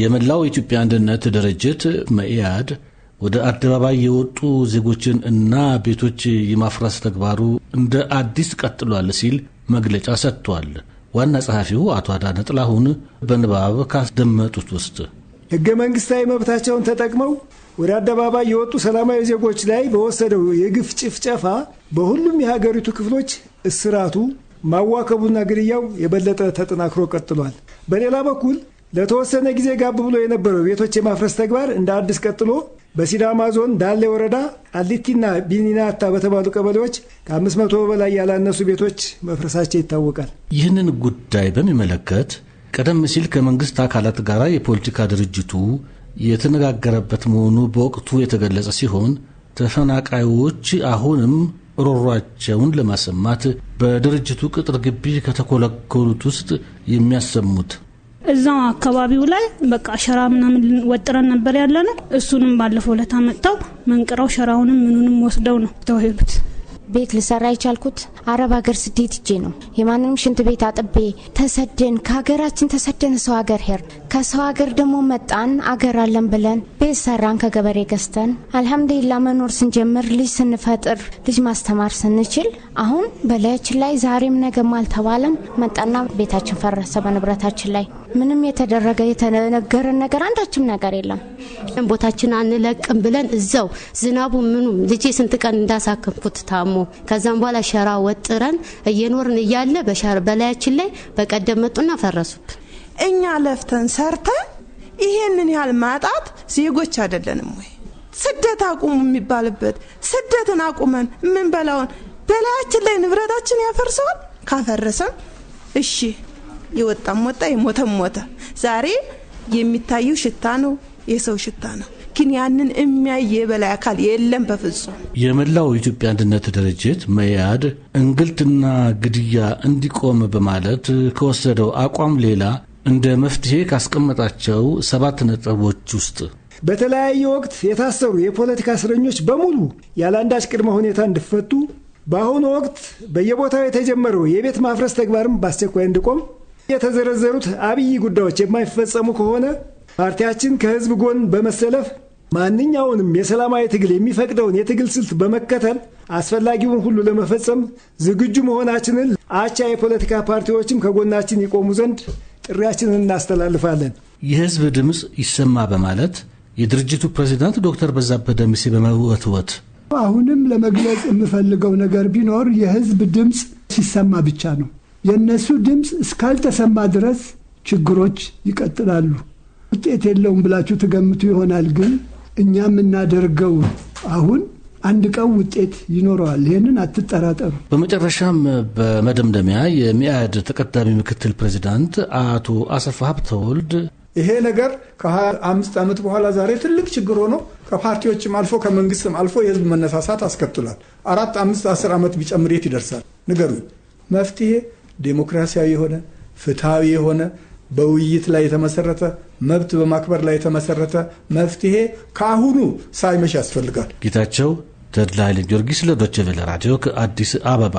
የመላው የኢትዮጵያ አንድነት ድርጅት መኢአድ ወደ አደባባይ የወጡ ዜጎችን እና ቤቶች የማፍረስ ተግባሩ እንደ አዲስ ቀጥሏል ሲል መግለጫ ሰጥቷል። ዋና ጸሐፊው አቶ አዳነ ጥላሁን በንባብ ካስደመጡት ውስጥ ሕገ መንግሥታዊ መብታቸውን ተጠቅመው ወደ አደባባይ የወጡ ሰላማዊ ዜጎች ላይ በወሰደው የግፍ ጭፍጨፋ በሁሉም የሀገሪቱ ክፍሎች እስራቱ፣ ማዋከቡና ግድያው የበለጠ ተጠናክሮ ቀጥሏል። በሌላ በኩል ለተወሰነ ጊዜ ጋብ ብሎ የነበረው ቤቶች የማፍረስ ተግባር እንደ አዲስ ቀጥሎ በሲዳማ ዞን ዳሌ ወረዳ አሊቲና ቢኒናታ በተባሉ ቀበሌዎች ከ500 በላይ ያላነሱ ቤቶች መፍረሳቸው ይታወቃል። ይህንን ጉዳይ በሚመለከት ቀደም ሲል ከመንግስት አካላት ጋር የፖለቲካ ድርጅቱ የተነጋገረበት መሆኑ በወቅቱ የተገለጸ ሲሆን ተፈናቃዮች አሁንም ሮሯቸውን ለማሰማት በድርጅቱ ቅጥር ግቢ ከተኮለኮሉት ውስጥ የሚያሰሙት እዛው አካባቢው ላይ በቃ ሸራ ምናምን ወጥረን ነበር ያለ ነው። እሱንም ባለፈው ለት መጥተው መንቅረው ሸራውንም ምኑንም ወስደው ነው ተወሄዱት። ቤት ልሰራ የቻልኩት አረብ ሀገር ስደት እጄ ነው። የማንም ሽንት ቤት አጥቤ ተሰደን ከሀገራችን ተሰደን ሰው ሀገር ሄር ከሰው ሀገር ደግሞ መጣን አገር አለን ብለን ቤት ሰራን ከገበሬ ገዝተን አልሐምዱሊላ መኖር ስንጀምር ልጅ ስንፈጥር ልጅ ማስተማር ስንችል አሁን በላያችን ላይ ዛሬም ነገም አልተባለም መጣና ቤታችን ፈረሰ። በንብረታችን ላይ ምንም የተደረገ የተነገረን ነገር አንዳችም ነገር የለም። ቦታችን አንለቅም ብለን እዛው ዝናቡ ምኑም ልጄ ስንት ቀን እንዳሳከምኩት ታሞ ከዛም በኋላ ሸራ ወጥረን እየኖርን እያለ በላያችን ላይ በቀደም መጡና ፈረሱብን። እኛ ለፍተን ሰርተ ይሄንን ያህል ማጣት ዜጎች አይደለንም ወይ? ስደት አቁሙ የሚባልበት ስደትን አቁመን የምንበላውን በላያችን ላይ ንብረታችን ያፈርሰዋል። ካፈረሰም እሺ የወጣም ወጣ የሞተም ሞተ። ዛሬ የሚታየው ሽታ ነው፣ የሰው ሽታ ነው። ግን ያንን የሚያይ የበላይ አካል የለም በፍጹም። የመላው ኢትዮጵያ አንድነት ድርጅት መያድ እንግልትና ግድያ እንዲቆም በማለት ከወሰደው አቋም ሌላ እንደ መፍትሄ ካስቀመጣቸው ሰባት ነጥቦች ውስጥ በተለያየ ወቅት የታሰሩ የፖለቲካ እስረኞች በሙሉ ያለአንዳች ቅድመ ሁኔታ እንዲፈቱ፣ በአሁኑ ወቅት በየቦታው የተጀመረው የቤት ማፍረስ ተግባርም በአስቸኳይ እንዲቆም፣ የተዘረዘሩት አብይ ጉዳዮች የማይፈጸሙ ከሆነ ፓርቲያችን ከህዝብ ጎን በመሰለፍ ማንኛውንም የሰላማዊ ትግል የሚፈቅደውን የትግል ስልት በመከተል አስፈላጊውን ሁሉ ለመፈጸም ዝግጁ መሆናችንን አቻ የፖለቲካ ፓርቲዎችም ከጎናችን ይቆሙ ዘንድ ጥሪያችንን እናስተላልፋለን። የህዝብ ድምፅ ይሰማ በማለት የድርጅቱ ፕሬዚዳንት ዶክተር በዛብህ ደምሴ በመወትወት አሁንም ለመግለጽ የምፈልገው ነገር ቢኖር የህዝብ ድምፅ ሲሰማ ብቻ ነው። የእነሱ ድምፅ እስካልተሰማ ድረስ ችግሮች ይቀጥላሉ። ውጤት የለውም ብላችሁ ትገምቱ ይሆናል። ግን እኛ የምናደርገው አሁን አንድ ቀን ውጤት ይኖረዋል። ይህንን አትጠራጠሩ። በመጨረሻም በመደምደሚያ የሚያድ ተቀዳሚ ምክትል ፕሬዚዳንት አቶ አሰፋ ሀብተወልድ ይሄ ነገር ከሀያ አምስት ዓመት በኋላ ዛሬ ትልቅ ችግር ሆኖ ከፓርቲዎችም አልፎ ከመንግስትም አልፎ የህዝብ መነሳሳት አስከትሏል። አራት አምስት አስር ዓመት ቢጨምር የት ይደርሳል? ንገሩኝ። መፍትሄ ዴሞክራሲያዊ የሆነ ፍትሐዊ የሆነ በውይይት ላይ የተመሰረተ መብት በማክበር ላይ የተመሰረተ መፍትሄ ከአሁኑ ሳይመሽ ያስፈልጋል። ጌታቸው ተድላ ኃይለ ጊዮርጊስ ለዶቸቬለ ራዲዮ ከአዲስ አበባ